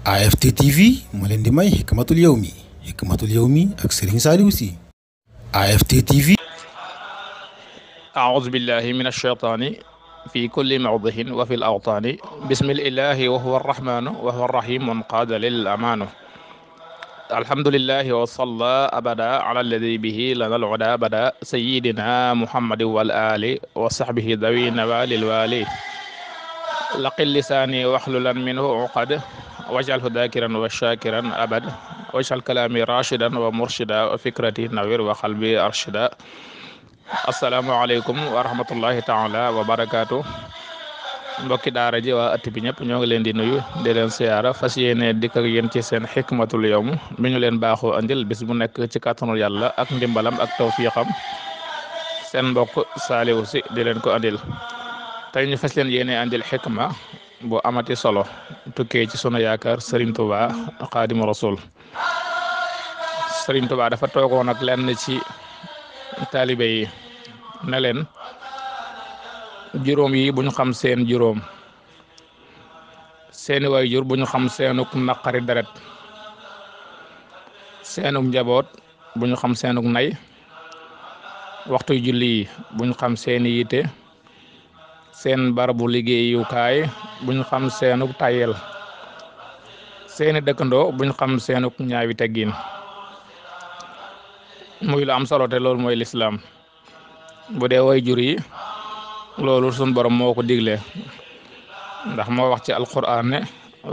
AFT TV moo leen di may Hikmatul Yawmi Hikmatul Yawmi ak Serigne Saliou Sy AFT TV أعوذ بالله من الشيطان في كل موضع وفي الأوطان بسم الله وهو الرحمن وهو الرحيم وانقاد للأمان الحمد لله وصلى أبدا على الذي به لنا العدا بدا سيدنا محمد والآل وصحبه ذوي النوال الوالي لقل لساني واحللا منه عقد waj'alhu dhaakiran wa shaakiran abad waj'al kalaami raashidan wa murshida wa fikrati nawir wa qalbi arshida assalaamu aleykum wa rahmatullahi taala wa barakaatu mbokki daara ji waa ëtt bi ñëpp ñoo ngi leen di nuyu di leen siyaara fas yéene dikk ak yéen seen xikmatul yawm mi leen baaxoo andil bis bu nekk ci kàttanul yàlla ak ndimbalam ak tawfiqam seen mbokk Saliou Sy di leen ko andil tey ñu fas leen yéene andil xikma bu amati solo tukkee ci sunu yaakaar Serigne Touba Xaadimu Rasul Serigne Touba dafa toogoon ak lenn ci taalibe yi ne leen juróom yi buñ xam seen juróom seeni waajur bu ñu xam seenuk naqari deret seenuk njaboot bu ñu xam seenuk nay waxtu julli yi bu xam seeni yitte seen barabu liggéeyukaay buñ xam seenuk tayel seeni dëkkandoo buñ xam seenuk ñaawi teggiin muy lu am solo te loolu mooy lislaam bu dee way jur yi loolu sun borom moo ko digle ndax moo wax ci alquran ne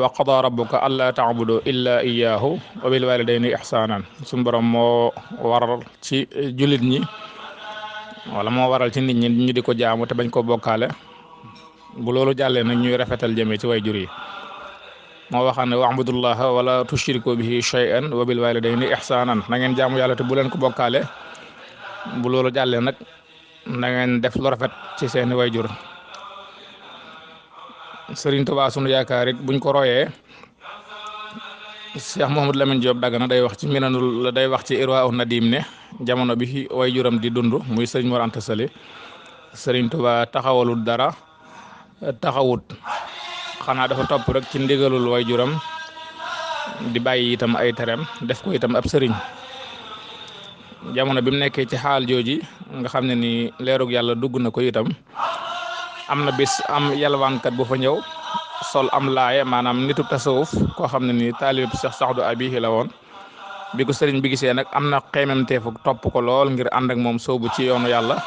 wa qada rabbuka alla taabudu illa iyaahu wa bil walidayni ihsaanan sun borom moo waral ci jullit ñi wala moo waral ci nit ñi ñu di ko jaamu te bañ ko bokkaale bu loolu jàllee nag ñuy rafetal jëme ci way jur yi moo waxaan ne wa'budullaha wala tushriku bihi shay'an wa bil walidayni ihsanan na ngeen jaamu yàlla te bu leen ko bokkaale bu loolu jàllee nag nangeen ngeen def lu rafet ci seeni way jur Sëriñ Tuubaa sunu yaakaar it buñ ko royee Cheikh Mouhamad Lamine Diop Dagana day wax ci minanul day wax ci Irwaa'u Nadim ne jamono bi way juram di dund muy Sëriñ Mor Anta Sali Sëriñ Tuubaa taxawalul dara taxawut xanaa dafa topp rek ci ndigalul juram di bàyyi itam ay terem def ko itam ab sëriñ jamono bi mu nekkee ci xaal jooji nga xam ne ni leerug yàlla dugg na ko itam am na bis am yalwaankat boo fa ñëw sol am laaye maanaam nitu tasawuf koo xam ne ni taalib sax Saxdu Abihi la woon bi ko sëriñ bi gisee nag am na xeememteefuk topp ko lool ngir ànd ak moom soobu ci yoonu yàlla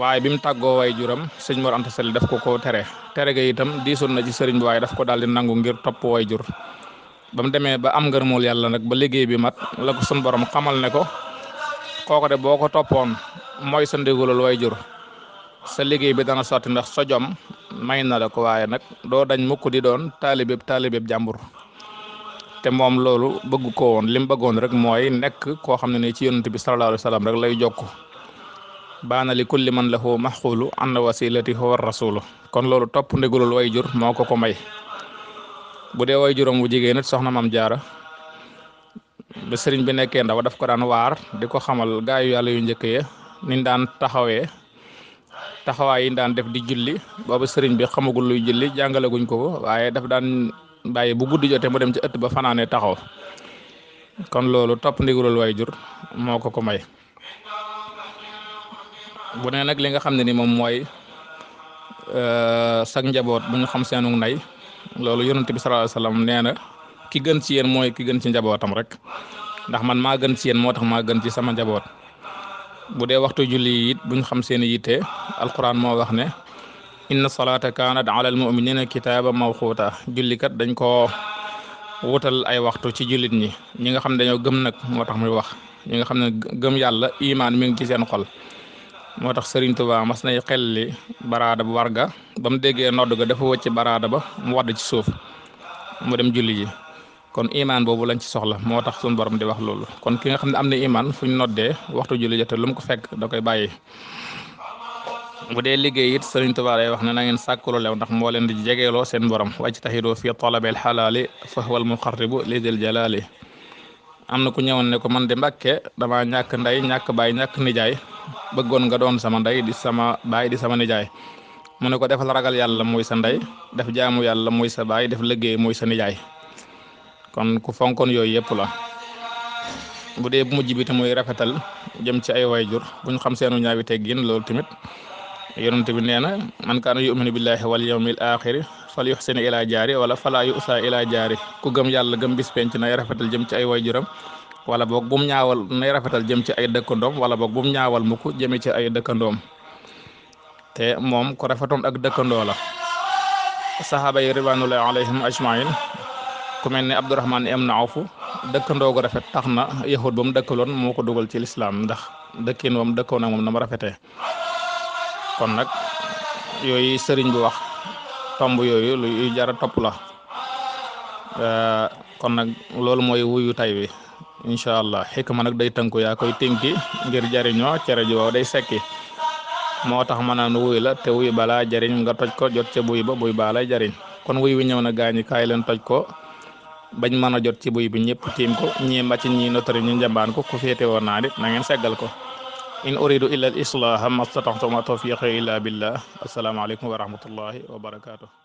waaye bi mu tàggoo way juram sëñ Mor Anta Sali daf ko ko tere tere ga itam diisoon na ci sëriñ bi waaye daf ko daal nangu ngir topp way jur ba mu demee ba am ngërmul yàlla nag ba liggéey bi mat la ko sun boroom xamal ne ko kooko de boo ko toppoon mooy sa ndigalul way jur sa liggéey bi dana sotti ndax sa jom may na la ko waaye nag doo dañ mukk di doon taalibeb taalibeb jàmbur te moom loolu bëgg ko woon li mu bëggoon rek mooy nekk koo xam ne ni ci yonent bi sallallahu alayhi rek lay jokk baana li kulli man lahu maxquulu anna wasilati huwa rasulu kon loolu topp ndigalul way jur moo ko ko may bu dee way juróom bu jigéen it soxna mam jaara sëriñ bi nekkee ndaw daf ko daan waar di ko xamal gaayu yàlla yu njëkk ya niñ daan taxawee taxawaay yi daan def di julli boobu sëriñ bi xamagul luy julli jàngaleguñ ko waaye daf daan bàyyi bu guddi jotee mu dem ci ëtt ba fanaanee taxaw kon loolu topp ndigalul way jur moo ko ko may bu ne nag li nga xam ne ni moom mooy euh, sag njaboot bu xam seenu nay loolu yonent bi sallallahu alayhi wasallam nee na ki gën ci yéen mooy ki gën ci njabootam rek ndax man maa gën ci yéen moo tax maa gën ci sama njaboot bu dee waxtu julli it bu xam seen i yitte alquran moo wax ne inna salaata kaanat alal muminina kitaaba mawquuta jullikat dañ ko wutal ay waxtu ci jullit ñi ñi nga xam ne dañoo gëm nag moo tax muy wax ñi nga xam ne gëm yàlla imaan mi ngi ci seen xol moo tax Serigne Touba mas nay xelli baraada bu warga ba mu déggee nodd ga dafa wëcc baraada ba mu wadd ci suuf mu dem julli ji kon imaan boobu lañ ci soxla moo tax suñu borom di wax loolu kon ki nga xam ne am na imaan fu ñu noddee waxtu julli jotee lu mu ko fekk da koy bàyyi. bu dee liggéey it Serigne Touba day wax ne na ngeen sàkkulu ndax moo leen di jegeeloo seen borom wajtahidu fi talabil xalaali fa huwal muqarribu li dil jalaali am na ku ñëwoon ne ko man de Mbàkke dama ñàkk ndey ñàkk baay ñàkk nijaay. bëggoon nga doon sama ndey di sama baay di sama nijaay mu ne ko defal ragal yàlla mooy sa ndey def jaamu yàlla mooy sa baay def liggéey mooy sa nijaay kon ku fonkoon yooyu yëpp la bu dee bu mujj bi te muy rafetal jëm ci ay wayjur buñ xam seenu ñaawi teggin loolu tamit yonent bi nee na man kaana yuminu billahi wal yawmil axiri fal yuxsin ila jaari wala falaa yusa ila jaari ku gëm yàlla gëm bis penc nay rafetal jëm ci ay wayjuram wala boog bu ñaawal nay rafetal jëm ci ay dëkkandoom wala boog bu mu ñaawal mukk jëme ci ay dëkkandoom te moom ko rafetoon ak dëkkandoo la saxaaba yi ridwaanullaahi alayhim ajmain ku mel ne Abdurahmaan ibn Awf dëkkandoo gu rafet tax na yahud ba mu dëkkaloon moo ko dugal ci lislaam ndax dëkkin wam dëkkoon ak moom na mu rafetee kon nag yooyu sëriñ bi wax tomb yooyu lu jara topp la kon nag loolu mooy wuyu tay wi incha allah xikma nag day tënku yaa koy tënki ngir jariñoo cere ji waaw day sekki moo tax ma naan wuy la te wuy balaa jariñ nga toj ko jot ci bo ba buy baa lay jariñ kon wuy wi ñëw na gaañi kaay leen toj ko bañ mën a jot ci buy bi ñëpp tiim ko ñii maci ñii notari ñu njambaan ko ku féete woon naa nit na ngeen seggal ko in uridu illa al islaha mastata'tu ma tawfiqi illa billah asalaamaaleykum wa rahmatullahi wa barakaatu